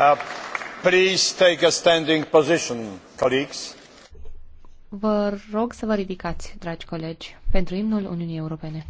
Uh, please take a standing position, colleagues. Vă rog să vă ridicați, dragi colegi, pentru imnul Uniunii Europene.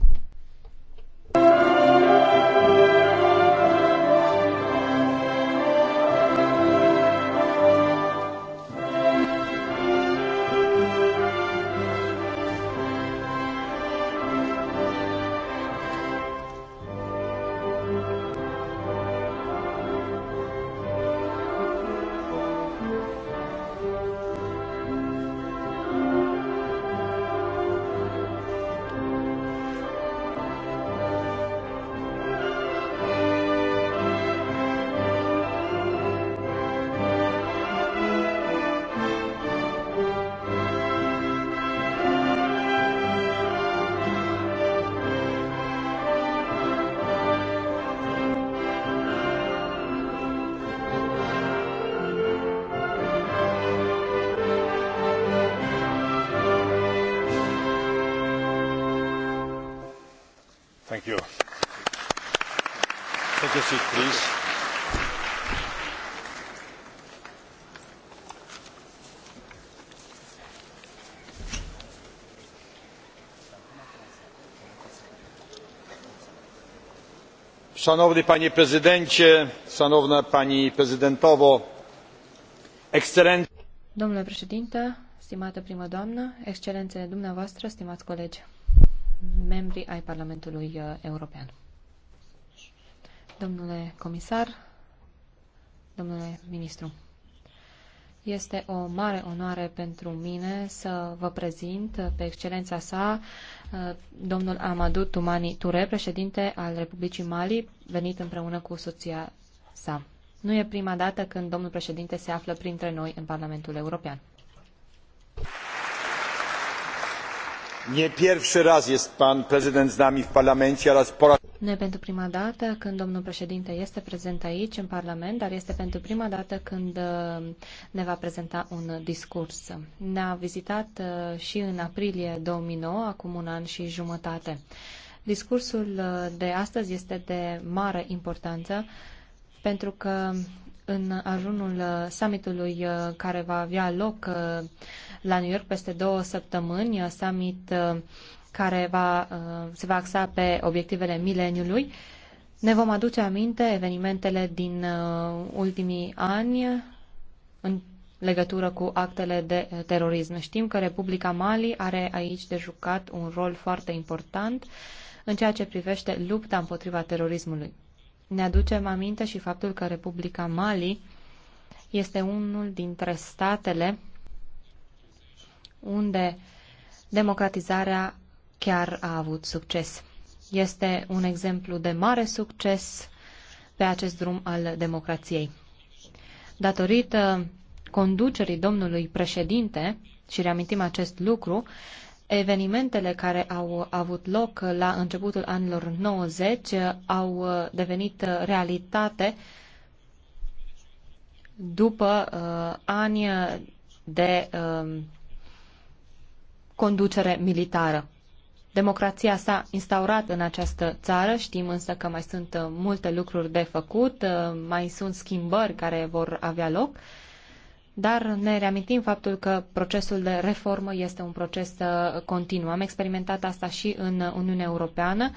Szanowny panie prezydencie, szanowna pani prezydentowo, ekscelencje. Domnule președinte, stimată primă doamnă, excelențele dumneavoastră, stimați colegi, membri ai Parlamentului uh, European domnule comisar, domnule ministru. Este o mare onoare pentru mine să vă prezint pe excelența sa domnul Amadou Tumani Ture, președinte al Republicii Mali, venit împreună cu soția sa. Nu e prima dată când domnul președinte se află printre noi în Parlamentul European. Nie pierwszy raz jest pan prezydent z nami w parlamencie oraz po raz... Nu e pentru prima dată când domnul președinte este prezent aici în Parlament, dar este pentru prima dată când uh, ne va prezenta un discurs. Ne-a vizitat uh, și în aprilie 2009, acum un an și jumătate. Discursul uh, de astăzi este de mare importanță pentru că în ajunul summitului care va avea loc la New York peste două săptămâni, uh, summit uh, care va, uh, se va axa pe obiectivele mileniului. Ne vom aduce aminte evenimentele din ultimii ani în legătură cu actele de terorism. Știm că Republica Mali are aici de jucat un rol foarte important în ceea ce privește lupta împotriva terorismului. Ne aducem aminte și faptul că Republica Mali este unul dintre statele unde democratizarea chiar a avut succes. Este un exemplu de mare succes pe acest drum al democrației. Datorită conducerii domnului președinte, și reamintim acest lucru, Evenimentele care au avut loc la începutul anilor 90 au devenit realitate după uh, ani de uh, conducere militară. Democrația s-a instaurat în această țară, știm însă că mai sunt uh, multe lucruri de făcut, uh, mai sunt schimbări care vor avea loc, dar ne reamintim faptul că procesul de reformă este un proces uh, continuu. Am experimentat asta și în Uniunea Europeană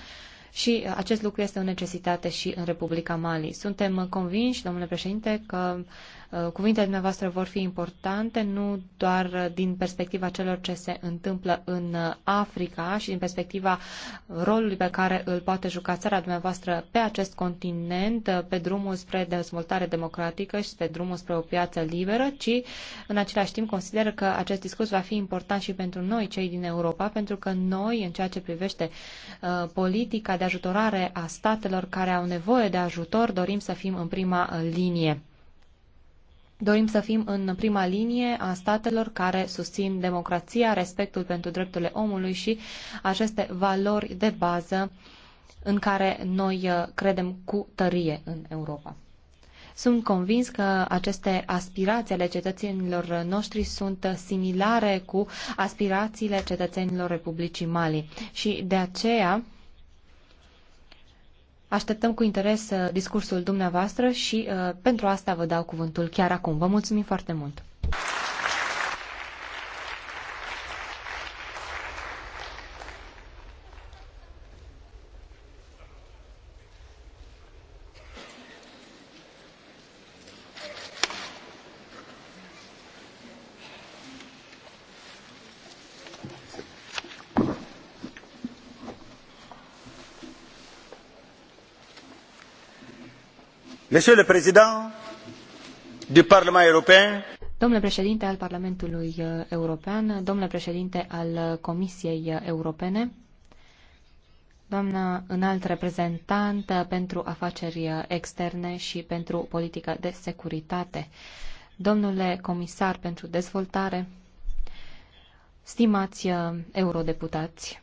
și acest lucru este o necesitate și în Republica Mali. Suntem convinși, domnule președinte, că Uh, cuvintele dumneavoastră vor fi importante nu doar din perspectiva celor ce se întâmplă în Africa și din perspectiva rolului pe care îl poate juca țara dumneavoastră pe acest continent, uh, pe drumul spre dezvoltare democratică și pe drumul spre o piață liberă, ci în același timp consider că acest discurs va fi important și pentru noi, cei din Europa, pentru că noi, în ceea ce privește uh, politica de ajutorare a statelor care au nevoie de ajutor, dorim să fim în prima uh, linie. Dorim să fim în prima linie a statelor care susțin democrația, respectul pentru drepturile omului și aceste valori de bază în care noi uh, credem cu tărie în Europa. Sunt convins că aceste aspirații ale cetățenilor noștri sunt uh, similare cu aspirațiile cetățenilor Republicii Mali și de aceea Așteptăm cu interes uh, discursul dumneavoastră și uh, pentru asta vă dau cuvântul chiar acum. Vă mulțumim foarte mult! Domnule președinte al Parlamentului uh, European, domnule președinte al uh, Comisiei uh, Europene, doamnă înalt reprezentant pentru afaceri externe și pentru politica de securitate, domnule comisar pentru dezvoltare, stimați eurodeputați,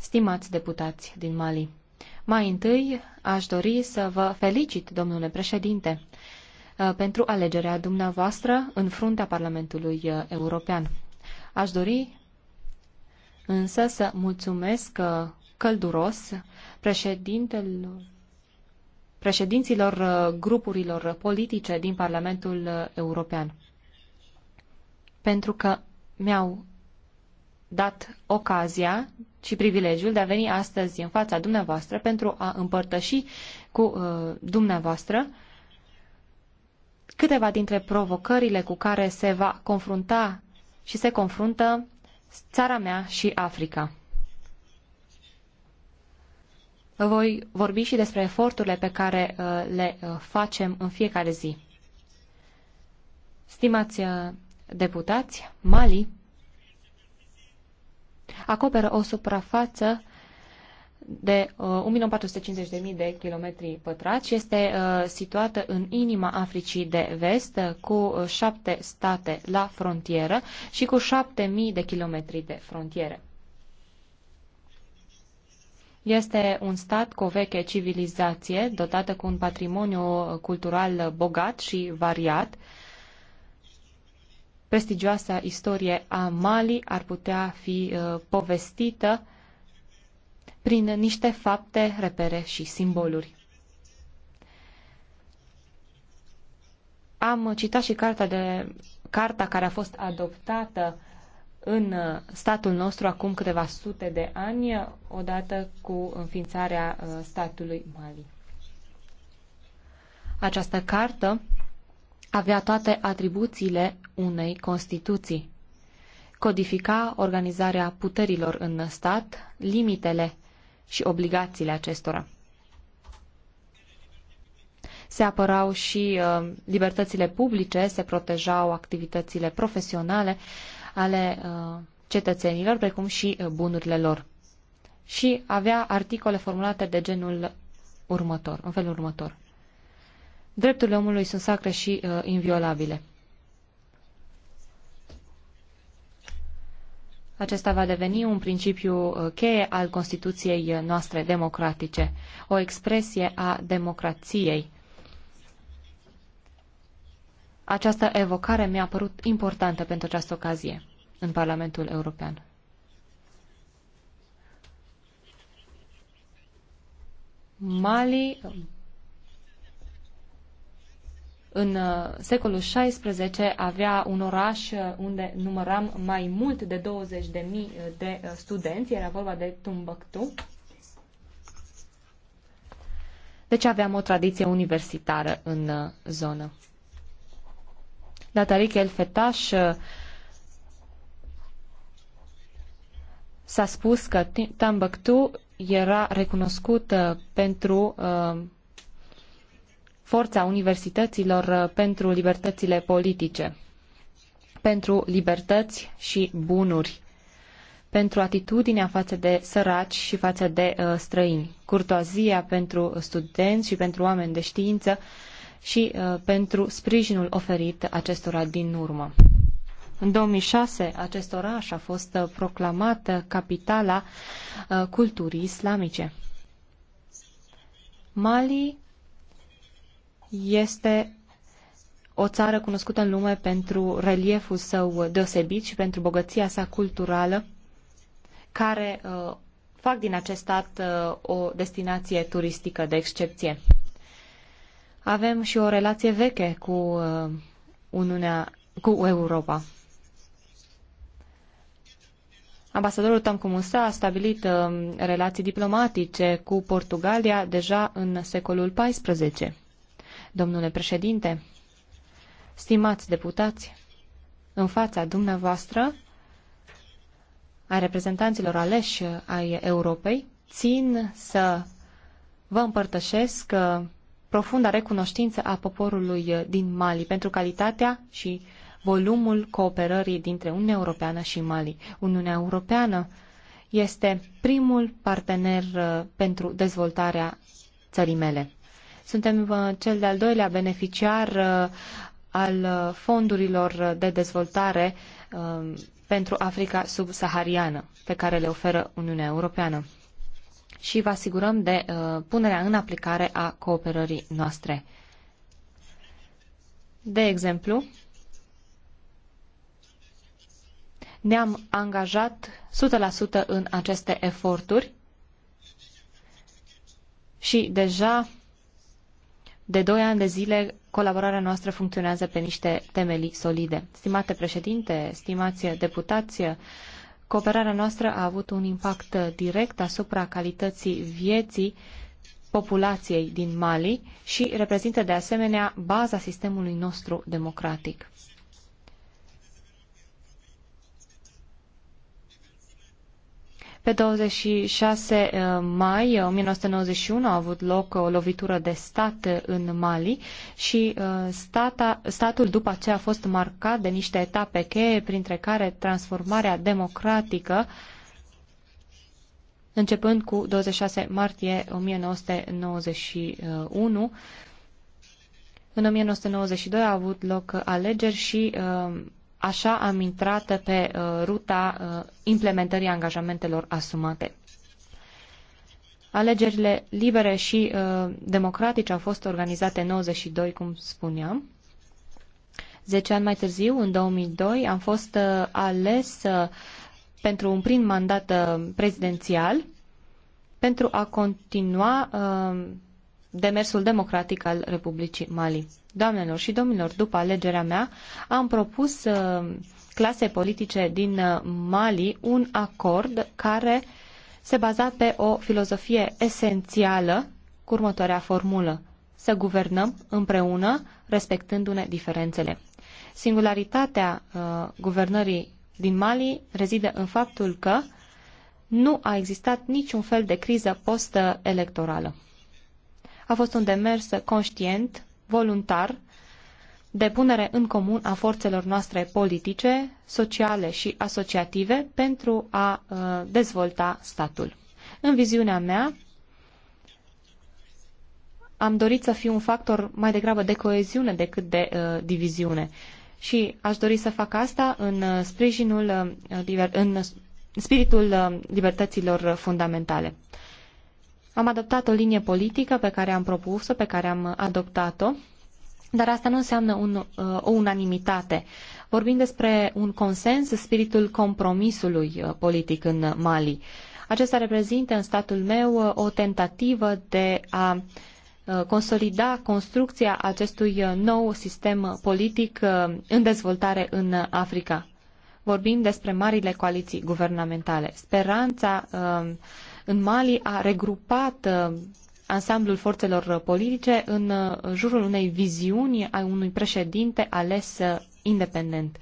stimați deputați din Mali. Mai întâi, aș dori să vă felicit, domnule președinte, uh, pentru alegerea dumneavoastră în fruntea Parlamentului uh, European. Aș dori însă să mulțumesc uh, călduros președintelui președinților grupurilor politice din Parlamentul European. Pentru că mi-au dat ocazia și privilegiul de a veni astăzi în fața dumneavoastră pentru a împărtăși cu uh, dumneavoastră câteva dintre provocările cu care se va confrunta și se confruntă țara mea și Africa. Voi vorbi și despre eforturile pe care uh, le uh, facem în fiecare zi. Stimați uh, deputați, Mali acoperă o suprafață de uh, 1.450.000 de kilometri pătrați și este uh, situată în inima Africii de vest uh, cu uh, șapte state la frontieră și cu 7.000 de kilometri de frontiere. Este un stat cu o veche civilizație, dotată cu un patrimoniu uh, cultural bogat și variat, uh, prestigioasa istorie a Mali ar putea fi uh, povestită prin niște fapte, repere și simboluri. Am citat și carta, de, carta care a fost adoptată în uh, statul nostru acum câteva sute de ani, odată cu înființarea uh, statului Mali. Această cartă avea toate atribuțiile unei Constituții. Codifica organizarea puterilor în stat, limitele și obligațiile acestora. Se apărau și uh, libertățile publice, se protejau activitățile profesionale ale uh, cetățenilor, precum și uh, bunurile lor. Și avea articole formulate de genul următor, în felul următor. Drepturile omului sunt sacre și uh, inviolabile. Acesta va deveni un principiu uh, cheie al Constituției uh, noastre democratice, o expresie a democrației. Această evocare mi-a părut importantă pentru această ocazie în Parlamentul European. Mali, în uh, secolul XVI avea un oraș uh, unde număram mai mult de 20.000 de uh, studenți, era vorba de Tumbăctu. Deci aveam o tradiție universitară în zonă. Datarik El Fetaș s-a spus că Timbuktu era recunoscut pentru forța universităților uh, pentru libertățile politice, pentru libertăți și bunuri, pentru atitudinea față de săraci și față de uh, străini, curtoazia pentru studenți și pentru oameni de știință și uh, pentru sprijinul oferit acestora din urmă. În 2006, acest oraș a fost uh, proclamat uh, capitala culturii islamice. Mali este o țară cunoscută în lume pentru relieful său deosebit și pentru bogăția sa culturală, care uh, fac din acest stat uh, o destinație turistică de excepție. Avem și o relație veche cu uh, Uniunea, cu Europa. Ambasadorul Tom Cumusa a stabilit uh, relații diplomatice cu Portugalia deja în secolul XIV. Domnule președinte, stimați deputați, în fața dumneavoastră, a reprezentanților aleși ai Europei, țin să vă împărtășesc uh, profunda recunoștință a poporului din Mali pentru calitatea și volumul cooperării dintre Uniunea Europeană și Mali. Uniunea Europeană este primul partener uh, pentru dezvoltarea țării mele. Suntem uh, cel de-al doilea beneficiar uh, al uh, fondurilor de dezvoltare um, pentru Africa subsahariană pe care le oferă Uniunea Europeană și vă asigurăm de punerea în aplicare a cooperării noastre. De exemplu, ne-am angajat 100% în aceste eforturi și deja de doi ani de zile, colaborarea noastră funcționează pe niște temelii solide. Stimate președinte, stimați deputați, cooperarea noastră a avut un impact direct asupra calității vieții populației din Mali și reprezintă de asemenea baza sistemului nostru democratic. Pe 26 uh, mai 1991 uh, a avut loc uh, o lovitură de stat în Mali și stata, statul după aceea a fost marcat de niște etape cheie, printre care transformarea democratică începând cu 26 martie 1991. În 1992 a avut loc alegeri și Așa am intrat pe uh, ruta uh, implementării angajamentelor asumate. Alegerile libere și uh, democratice au fost organizate în 92, cum spuneam. Zece ani mai târziu, în 2002, am fost ales pentru un prim mandat prezidențial pentru a continua demersul democratic al Republicii Mali. Doamnelor și domnilor, după alegerea mea, am propus uh, clase politice din uh, Mali un acord care se baza pe o filozofie esențială cu următoarea formulă. Să guvernăm împreună, respectându-ne diferențele. Singularitatea uh, guvernării din Mali rezidă în faptul că nu a existat niciun fel de criză post-electorală. A fost un demers conștient, voluntar, de punere în comun a forțelor noastre politice, sociale și asociative pentru a uh, dezvolta statul. În viziunea mea, am dorit să fiu un factor mai degrabă de coeziune decât de uh, diviziune. Și aș dori să fac asta în uh, sprijinul, uh, în spiritul libertăților fundamentale. Am adoptat o linie politică pe care am propus-o, pe care am adoptat-o, dar asta nu înseamnă un, uh, o unanimitate. Vorbim despre un consens, spiritul compromisului uh, politic în Mali. Acesta reprezintă în statul meu uh, o tentativă de a consolida construcția acestui nou sistem politic în dezvoltare în Africa. Vorbim despre marile coaliții guvernamentale. Speranța în Mali a regrupat uh, ansamblul forțelor politice în uh, jurul unei viziuni a unui președinte ales uh, independent.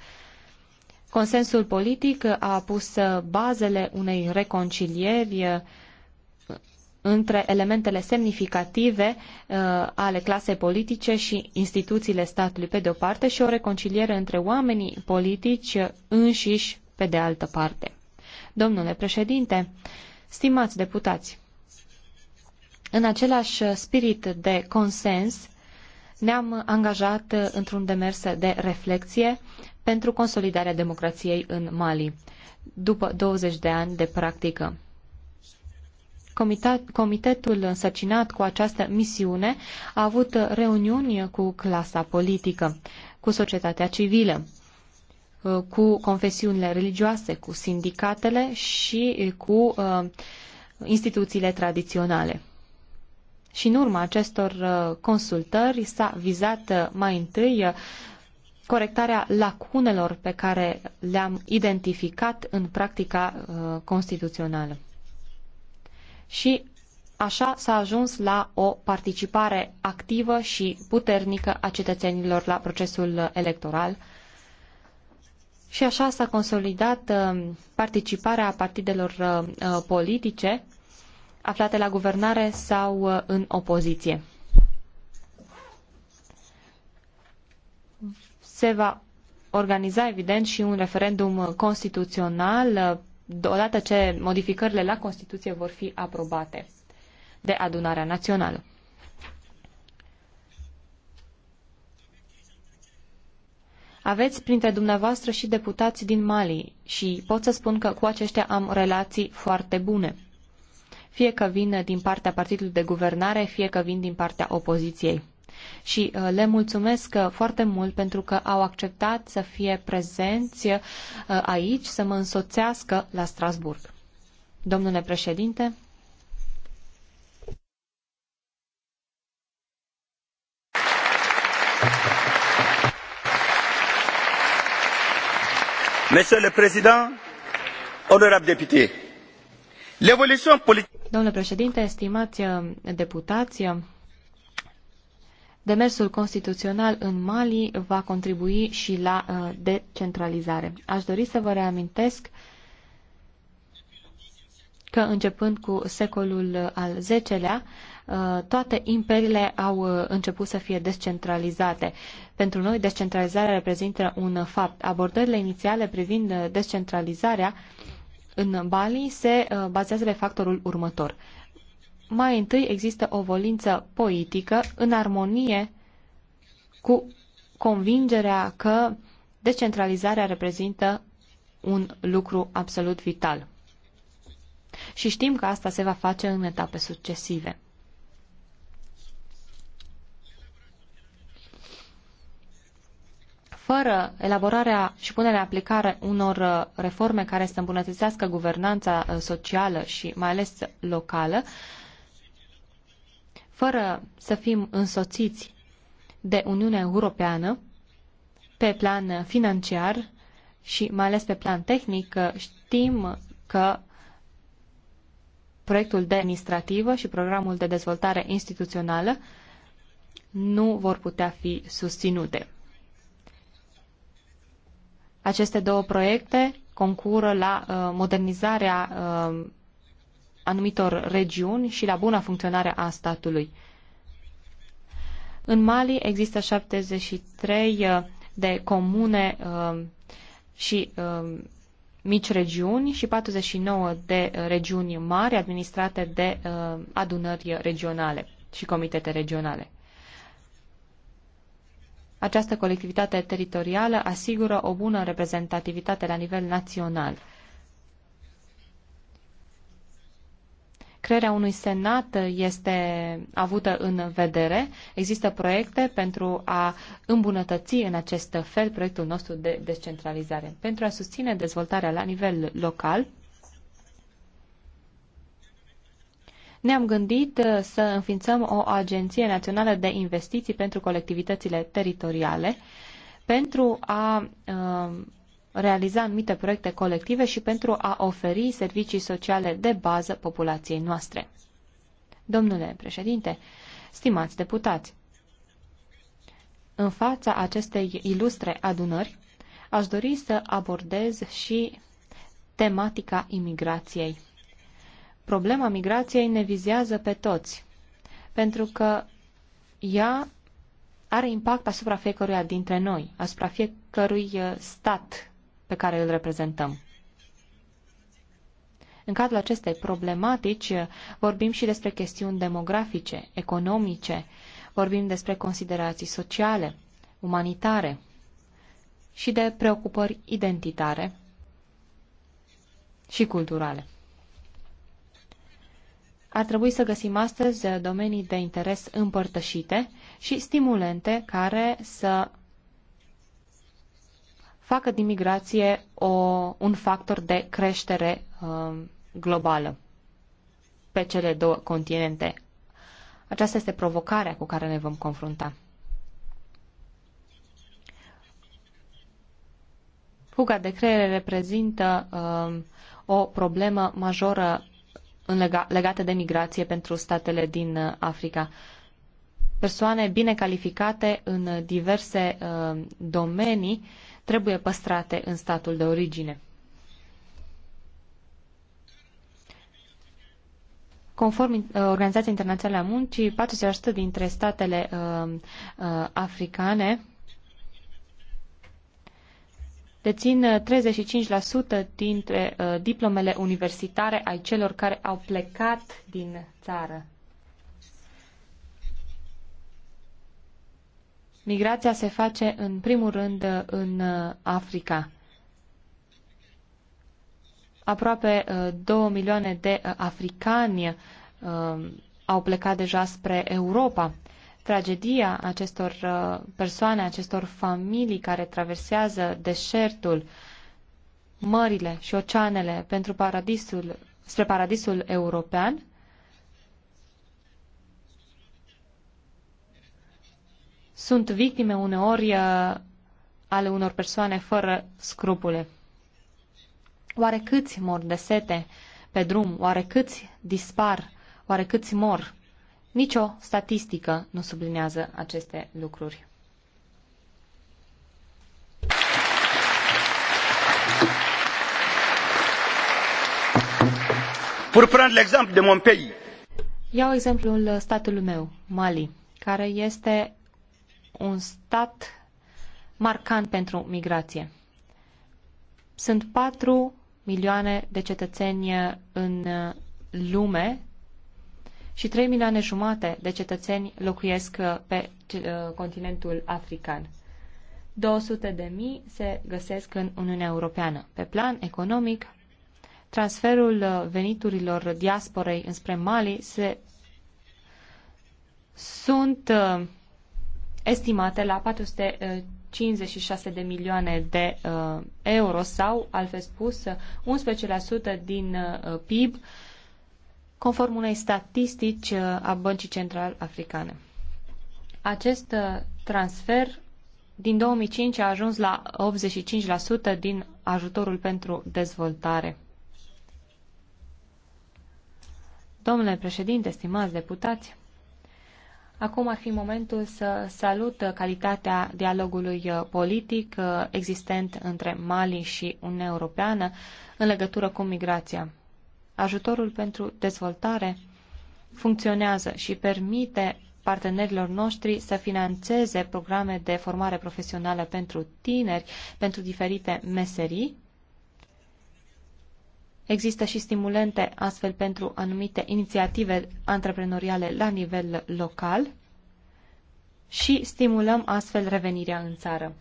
Consensul politic a pus bazele unei reconcilieri între elementele semnificative uh, ale clasei politice și instituțiile statului pe de o parte și o reconciliere între oamenii politici înșiși pe de altă parte. Domnule președinte, uh, Stimați deputați, în același spirit de consens, ne-am angajat într-un demers de reflexie pentru consolidarea democrației în Mali, după 20 de ani de practică. Comitetul însărcinat cu această misiune a avut reuniuni cu clasa politică, cu societatea civilă, Uh, cu confesiunile religioase, cu sindicatele și uh, cu uh, instituțiile tradiționale. Și în urma acestor consultări s-a vizat mai întâi corectarea lacunelor pe care le-am identificat în practica constituțională. Și Așa s-a ajuns la o participare activă și puternică a cetățenilor la procesul electoral și așa s-a consolidat uh, participarea partidelor uh, uh, politice aflate la guvernare sau în opoziție. Se va organiza, evident, și un referendum constituțional odată ce modificările la Constituție vor fi aprobate de adunarea națională. Aveți printre dumneavoastră și deputați din Mali și pot să spun că cu aceștia am relații foarte bune. Fie că vin din partea partidului de guvernare, fie că vin din partea opoziției. Și uh, le mulțumesc uh, foarte mult pentru că au acceptat să fie prezenți uh, aici, să mă însoțească la Strasburg. Domnule președinte, Monsieur le Président, honorables députés, l'évolution politique. Domnule președinte, stimați uh, deputați, uh, demersul constituțional în Mali va contribui și la uh, decentralizare. Aș dori să vă reamintesc că începând cu secolul al X-lea, Uh, toate imperiile au uh, început să fie descentralizate. Pentru noi, descentralizarea reprezintă un fapt. Abordările inițiale privind uh, descentralizarea în Bali se bazează pe factorul următor. Mai întâi există o volință politică în armonie cu convingerea că descentralizarea reprezintă un lucru absolut vital. Și știm că asta se va face în etape succesive. fără elaborarea și punerea în aplicare unor uh, reforme care să îmbunătățească guvernanța uh, socială și mai ales locală, fără să fim însoțiți de Uniunea Europeană pe plan financiar și mai ales pe plan tehnic, uh, știm că proiectul de administrativă și programul de dezvoltare instituțională nu vor putea fi susținute. Aceste două proiecte concură la uh, modernizarea uh, anumitor regiuni și la buna funcționare a statului. În Mali există 73 uh, de comune și mici regiuni și 49 de regiuni mari administrate de adunări regionale și comitete regionale. Această colectivitate teritorială asigură o bună reprezentativitate la nivel național. Crearea unui senat este avută în vedere. Există proiecte pentru a îmbunătăți în acest fel proiectul nostru de descentralizare. Pentru a susține dezvoltarea la nivel local, Ne-am gândit uh, să înființăm o agenție națională de investiții pentru colectivitățile teritoriale pentru a uh, realiza anumite proiecte colective și pentru a oferi servicii sociale de bază populației noastre. Domnule președinte, stimați deputați, în fața acestei ilustre adunări, aș dori să abordez și tematica imigrației problema migrației ne vizează pe toți, pentru că ea are impact asupra fiecăruia dintre noi, asupra fiecărui uh, stat pe care îl reprezentăm. În cadrul acestei problematici uh, vorbim și despre chestiuni demografice, economice, vorbim despre considerații sociale, umanitare și de preocupări identitare și culturale. Ar trebui să găsim astăzi domenii de interes împărtășite și stimulente care să facă din migrație o, un factor de creștere uh, globală pe cele două continente. Aceasta este provocarea cu care ne vom confrunta. Fuga de creiere reprezintă uh, o problemă majoră lega, legate de migrație pentru statele din uh, Africa. Persoane bine calificate în diverse uh, domenii trebuie păstrate în statul de origine. Conform uh, Organizației Internaționale a Muncii, 40% dintre statele uh, uh, africane dețin 35% uh, dintre uh, diplomele universitare ai celor care au plecat din țară. Migrația se face în primul rând uh, în Africa. Aproape 2 milioane de africani au plecat deja spre Europa tragedia acestor uh, persoane, acestor familii care traversează deșertul, mările și oceanele pentru paradisul, spre paradisul european, sunt victime uneori uh, ale unor persoane fără scrupule. Oare câți mor de sete pe drum? Oare câți dispar? Oare câți mor? Nicio statistică nu sublinează aceste lucruri. Pour prendre l'exemple de mon pays. Iau exemplul statului meu, Mali, care este un stat marcant pentru migrație. Sunt patru milioane de cetățeni în lume și 3 milioane jumate de cetățeni locuiesc uh, pe uh, continentul african. 200 de mii se găsesc în Uniunea Europeană. Pe plan economic, transferul uh, veniturilor diasporei înspre Mali se sunt estimate la 456 de milioane de uh, euro sau, altfel spus, 11% din uh, PIB uh, conform unei statistici uh, a Băncii Central Africane. Acest uh, transfer din 2005 a ajuns la 85% din ajutorul pentru dezvoltare. Domnule președinte, stimați deputați, acum ar fi momentul să salut uh, calitatea dialogului politic existent între Mali și Uniunea Europeană în legătură cu migrația ajutorul pentru dezvoltare funcționează și permite partenerilor noștri să financeze programe de formare profesională pentru tineri, pentru diferite meserii. Există și stimulente astfel pentru anumite inițiative antreprenoriale la nivel local și stimulăm astfel revenirea în țară.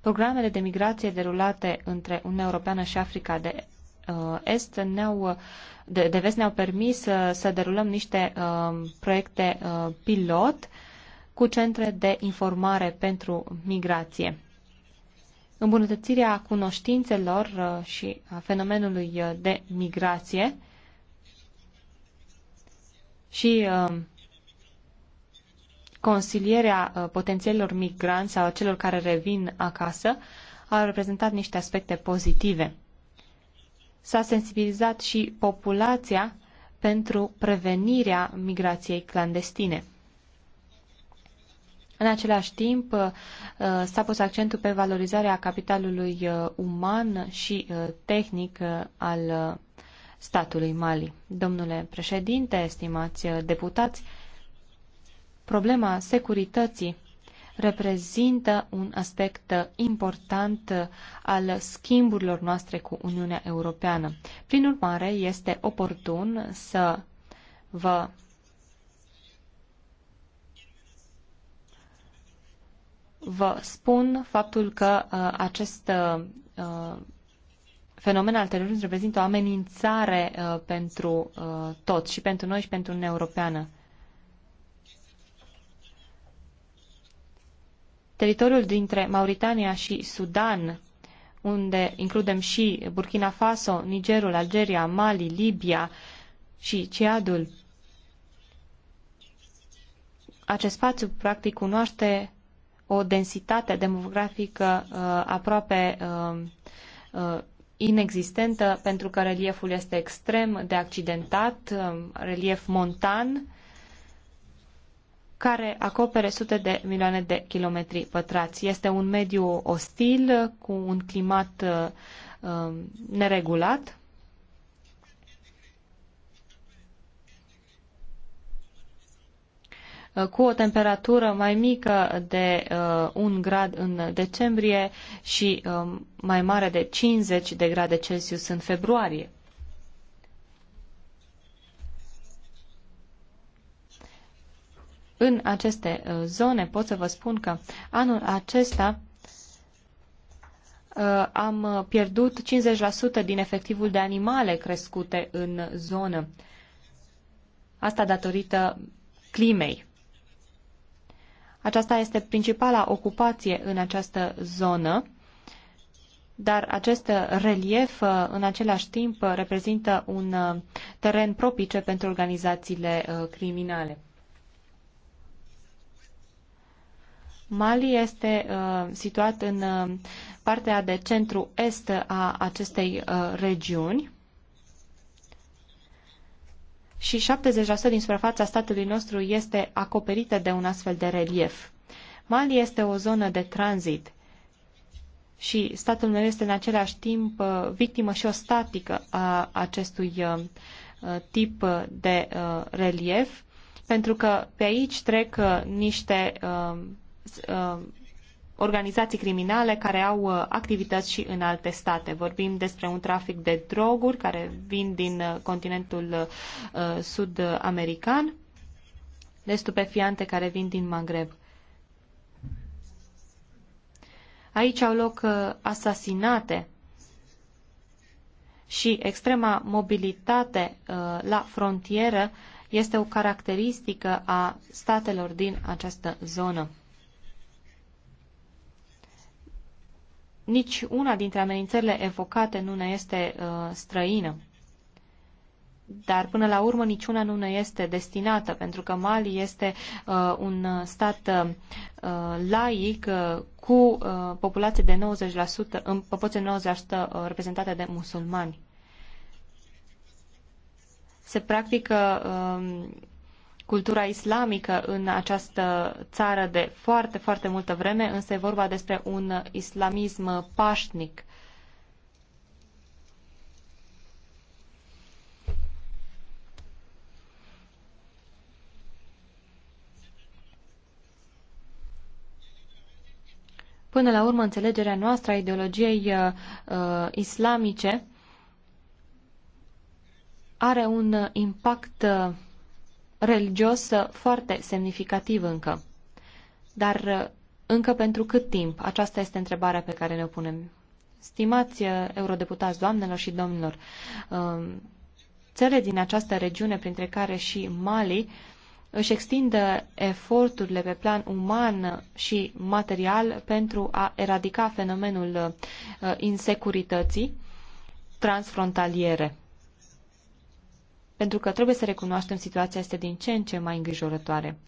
Programele de migrație derulate între Uniunea Europeană și Africa de Uh, Est ne-au, uh, de, de Vest ne-au permis să, să derulăm niște uh, proiecte uh, pilot cu centre de informare pentru migrație. Îmbunătățirea cunoștințelor uh, și a fenomenului uh, de migrație și uh, consilierea uh, potențialilor migranți sau celor care revin acasă au reprezentat niște aspecte pozitive. S-a sensibilizat și populația pentru prevenirea migrației clandestine. În același timp, uh, s-a pus accentul pe valorizarea capitalului uh, uman și uh, tehnic al statului Mali. Domnule președinte, estimați deputați, problema securității reprezintă un aspect important al schimburilor noastre cu Uniunea Europeană. Prin urmare, este oportun să vă vă spun faptul că uh, acest uh, fenomen al terorismului reprezintă o amenințare uh, pentru uh, toți, și pentru noi și pentru Uniunea Europeană. Teritoriul dintre Mauritania și Sudan, unde includem și Burkina Faso, Nigerul, Algeria, Mali, Libia și Ciadul, acest spațiu practic cunoaște o densitate demografică uh, aproape uh, uh, inexistentă pentru că relieful este extrem de accidentat, uh, relief montan care acopere sute de milioane de kilometri pătrați. Este un mediu ostil, cu un climat uh, um, neregulat. Uh, cu o temperatură mai mică de uh, 1 grad în decembrie și uh, mai mare de 50 de grade Celsius în februarie. în aceste uh, zone, pot să vă spun că anul acesta uh, am pierdut 50% din efectivul de animale crescute în zonă. Asta datorită climei. Aceasta este principala ocupație în această zonă, dar acest relief uh, în același timp reprezintă un teren propice pentru organizațiile criminale. Mali este uh, situat în uh, partea de centru-est a acestei uh, regiuni și 70% din suprafața statului nostru este acoperită de un astfel de relief. Mali este o zonă de tranzit și statul meu este în același timp uh, victimă și o statică a acestui uh, uh tip de uh, relief, pentru că pe aici trec uh, niște Uh, organizații criminale care au uh, activități și în alte state. Vorbim despre un trafic de droguri care vin din uh, continentul sud-american, de stupefiante care vin din Maghreb. Aici au loc asasinate și extrema mobilitate la frontieră este o caracteristică a statelor din această zonă. nici una dintre amenințările evocate nu ne este uh, străină. Dar până la urmă niciuna nu ne este destinată, pentru că Mali este uh, un stat uh, laic uh, cu uh, populație de 90%, în populație de 90% uh, reprezentată de musulmani. Se practică uh, cultura islamică în această țară de foarte, foarte multă vreme, însă e vorba despre un islamism pașnic. Până la urmă, înțelegerea noastră a ideologiei uh, uh islamice are un impact uh, religios uh, foarte semnificativ încă. Dar uh, încă pentru cât timp? Aceasta este întrebarea pe care ne-o punem. Stimați uh, eurodeputați, doamnelor și domnilor, um, țele din această regiune, printre care și Mali, își extindă eforturile pe plan uman și material pentru a eradica fenomenul insecurității transfrontaliere pentru că trebuie să recunoaștem situația este din ce în ce mai îngrijorătoare.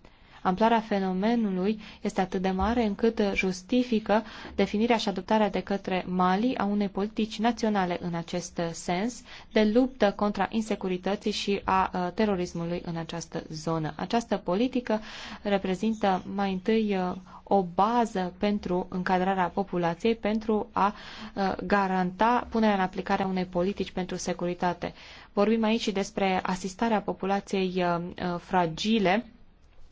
Amploarea fenomenului este atât de mare încât justifică definirea și adoptarea de către Mali a unei politici naționale în acest sens de luptă contra insecurității și a uh, terorismului în această zonă. Această politică reprezintă mai întâi uh, o bază pentru încadrarea populației, pentru a uh, garanta punerea în aplicare a unei politici pentru securitate. Vorbim aici despre asistarea populației fragile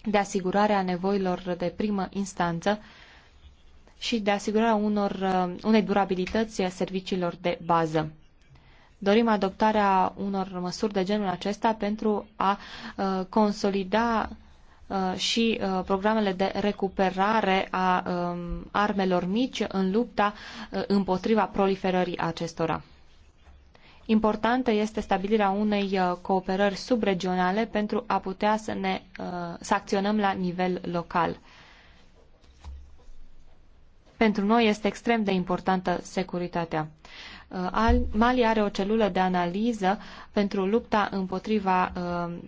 de asigurare a nevoilor de primă instanță și de asigurarea unor, uh, unei durabilități a serviciilor de bază. Dorim adoptarea unor măsuri de genul acesta pentru a uh, consolida uh, și programele de recuperare a um, armelor mici în lupta împotriva proliferării acestora. Importantă este stabilirea unei uh, cooperări subregionale pentru a putea să ne uh, să acționăm la nivel local. Pentru noi este extrem de importantă securitatea. Uh, Mali are o celulă de analiză pentru lupta împotriva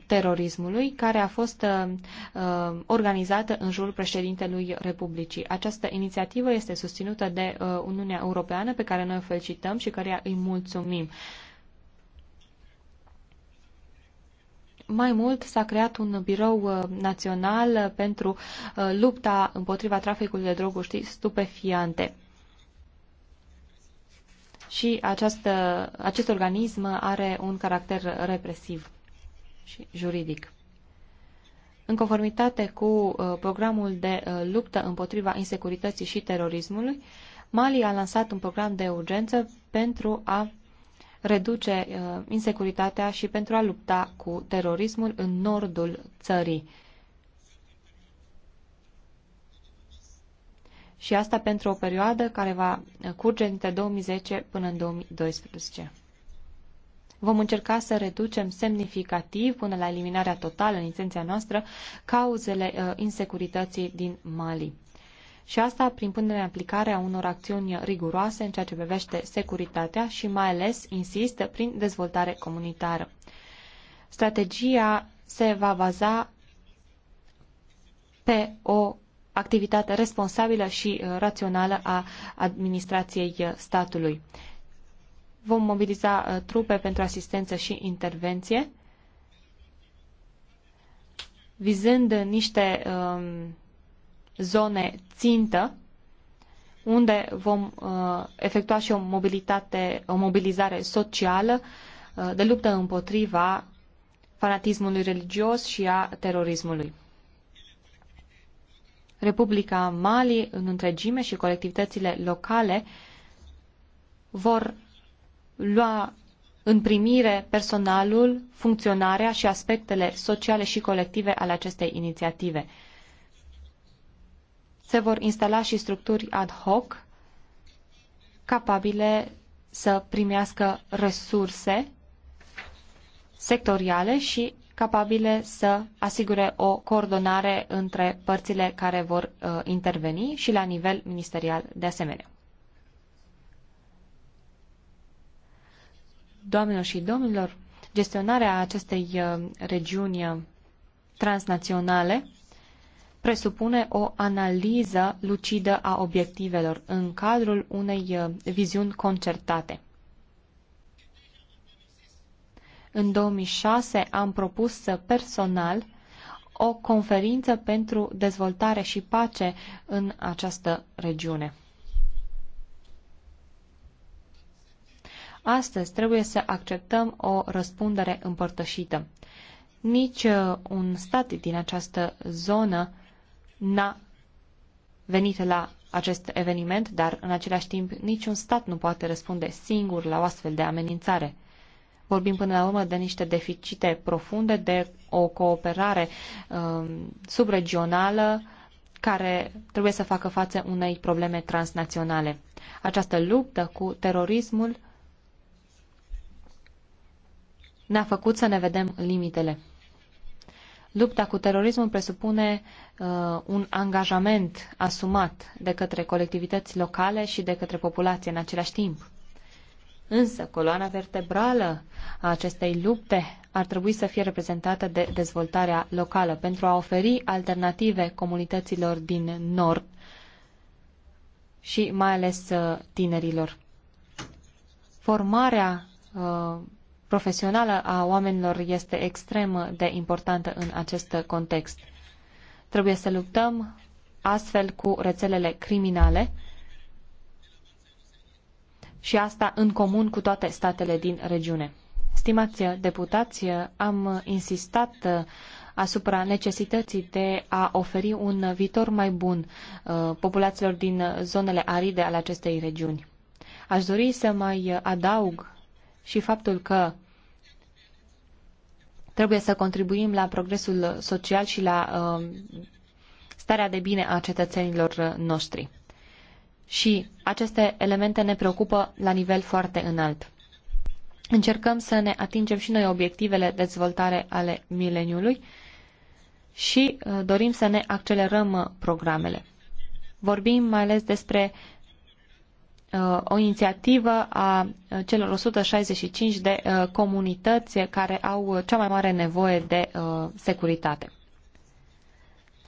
terorismului, care a fost organizată în jurul președintelui Republicii. Această inițiativă este susținută de Uniunea Europeană, pe care noi o felicităm și căreia îi mulțumim. Mai mult, s-a creat un birou uh, național uh, pentru uh, lupta împotriva traficului de droguri stupefiante. Și această, acest organism are un caracter represiv și juridic. În conformitate cu programul de luptă împotriva insecurității și terorismului, Mali a lansat un program de urgență pentru a reduce uh, insecuritatea și pentru a lupta cu terorismul în nordul țării. Și asta pentru o perioadă care va curge dintre 2010 până în 2012. Vom încerca să reducem semnificativ, până la eliminarea totală în intenția noastră, cauzele uh, insecurității din Mali și asta prin punerea în aplicare a unor acțiuni riguroase în ceea ce privește securitatea și mai ales, insist, prin dezvoltare comunitară. Strategia se va baza pe o activitate responsabilă și uh, rațională a administrației uh, statului. Vom mobiliza uh, trupe pentru asistență și intervenție, vizând niște um, zone țintă, unde vom uh, efectua și o mobilitate, o mobilizare socială uh, de luptă împotriva fanatismului religios și a terorismului. Republica Mali în întregime și colectivitățile locale vor lua în primire personalul, funcționarea și aspectele sociale și colective ale acestei inițiative se vor instala și structuri ad hoc capabile să primească resurse sectoriale și capabile să asigure o coordonare între părțile care vor uh, interveni și la nivel ministerial de asemenea. Doamnelor și domnilor, gestionarea acestei uh, regiuni uh, transnaționale presupune o analiză lucidă a obiectivelor în cadrul unei uh, viziuni concertate. În 2006 am propus uh, personal o conferință pentru dezvoltare și pace în această regiune. Astăzi trebuie să acceptăm o răspundere împărtășită. Nici uh, un stat din această zonă n-a venit la acest eveniment, dar în același timp niciun stat nu poate răspunde singur la o astfel de amenințare. Vorbim până la urmă de niște deficite profunde, de o cooperare uh, subregională care trebuie să facă față unei probleme transnaționale. Această luptă cu terorismul ne-a făcut să ne vedem limitele. Lupta cu terorismul presupune uh, un angajament asumat de către colectivități locale și de către populație în același timp. Însă, coloana vertebrală a acestei lupte ar trebui să fie reprezentată de dezvoltarea locală pentru a oferi alternative comunităților din nord și mai ales uh, tinerilor. Formarea uh, profesională a oamenilor este extrem de importantă în acest context. Trebuie să luptăm astfel cu rețelele criminale și asta în comun cu toate statele din regiune. Stimați deputați, am insistat asupra necesității de a oferi un viitor mai bun uh, populațiilor din zonele aride ale acestei regiuni. Aș dori să mai adaug și faptul că Trebuie să contribuim la progresul social și la um, starea de bine a cetățenilor noștri. Și aceste elemente ne preocupă la nivel foarte înalt. Încercăm să ne atingem și noi obiectivele de dezvoltare ale mileniului și uh, dorim să ne accelerăm uh, programele. Vorbim mai ales despre Uh, o inițiativă a uh, celor 165 de uh, comunități care au cea mai mare nevoie de securitate.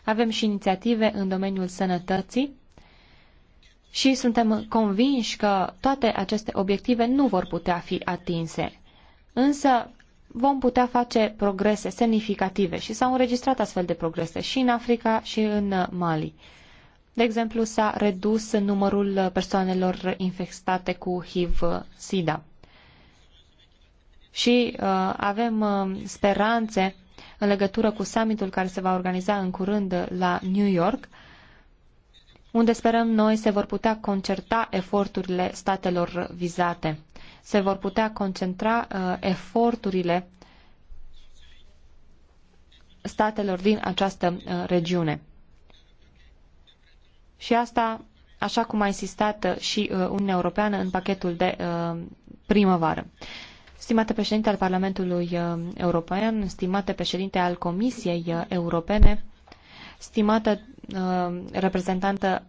Avem și inițiative în domeniul sănătății și suntem convinși că toate aceste obiective nu vor putea fi atinse. Însă vom putea face progrese semnificative și s-au înregistrat astfel de progrese și în Africa și în Mali. De exemplu, s-a redus numărul persoanelor infectate cu HIV-SIDA. Și uh, avem uh, speranțe în legătură cu summitul care se va organiza în curând la New York, unde sperăm noi se vor putea concerta eforturile statelor vizate. Se vor putea concentra uh, eforturile statelor din această uh, regiune. Și asta, așa cum a insistat uh, și uh, Uniunea Europeană în pachetul de uh, primăvară. Stimate președinte al Parlamentului European, stimate președinte al Comisiei Europene, stimată reprezentantă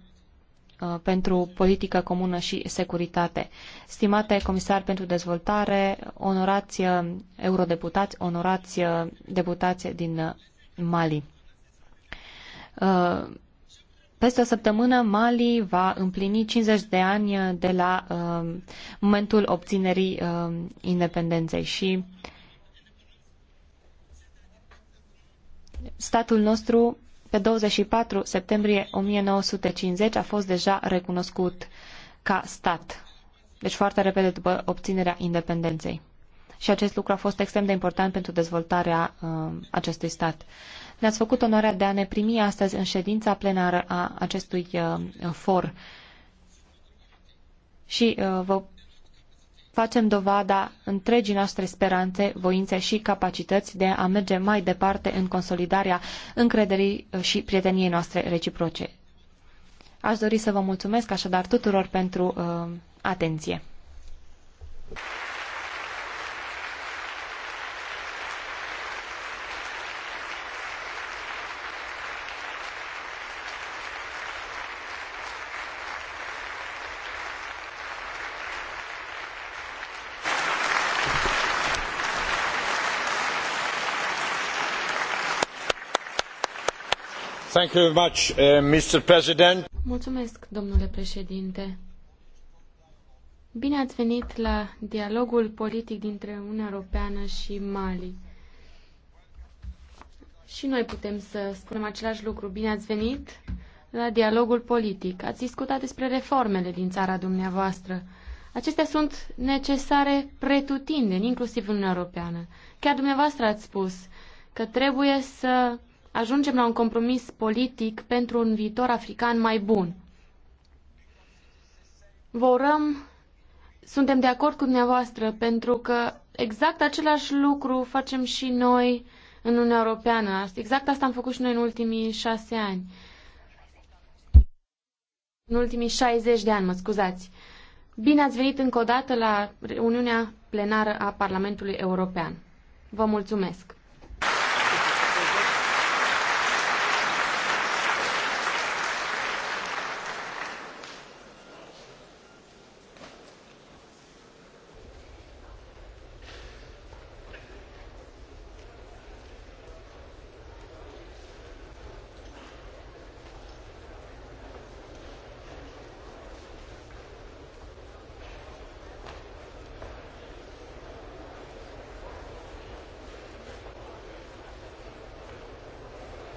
pentru politică comună și securitate. Stimate comisar pentru dezvoltare, onorați eurodeputați, onorați deputați din Mali. Peste o săptămână, Mali va împlini 50 de ani de la uh, momentul obținerii uh, independenței și statul nostru pe 24 septembrie 1950 a fost deja recunoscut ca stat, deci foarte repede după obținerea independenței. Și acest lucru a fost extrem de important pentru dezvoltarea uh, acestui stat. Uh, ne-ați făcut onoarea de a ne primi astăzi în ședința plenară a acestui uh, for. Și uh, vă facem dovada întregii noastre speranțe, voințe și capacități de a merge mai departe în consolidarea încrederii uh, și prieteniei noastre reciproce. Aș dori să vă mulțumesc așadar tuturor pentru uh, atenție. Uh, Mulțumesc, domnule președinte. Bine ați venit la dialogul politic dintre Uniunea Europeană și Mali. Și noi putem să spunem același lucru. Bine ați venit la dialogul politic. Ați discutat despre reformele din țara dumneavoastră. Acestea sunt necesare pretutindeni, inclusiv în Uniunea Europeană. Chiar dumneavoastră ați spus că trebuie să ajungem la un compromis politic pentru un viitor african mai bun. Vă urăm, suntem de acord cu dumneavoastră, pentru că exact același lucru facem și noi în Uniunea Europeană. Exact asta am făcut și noi în ultimii șase ani. În ultimii 60 de ani, mă scuzați. Bine ați venit încă o dată la reuniunea plenară a Parlamentului European. Vă mulțumesc!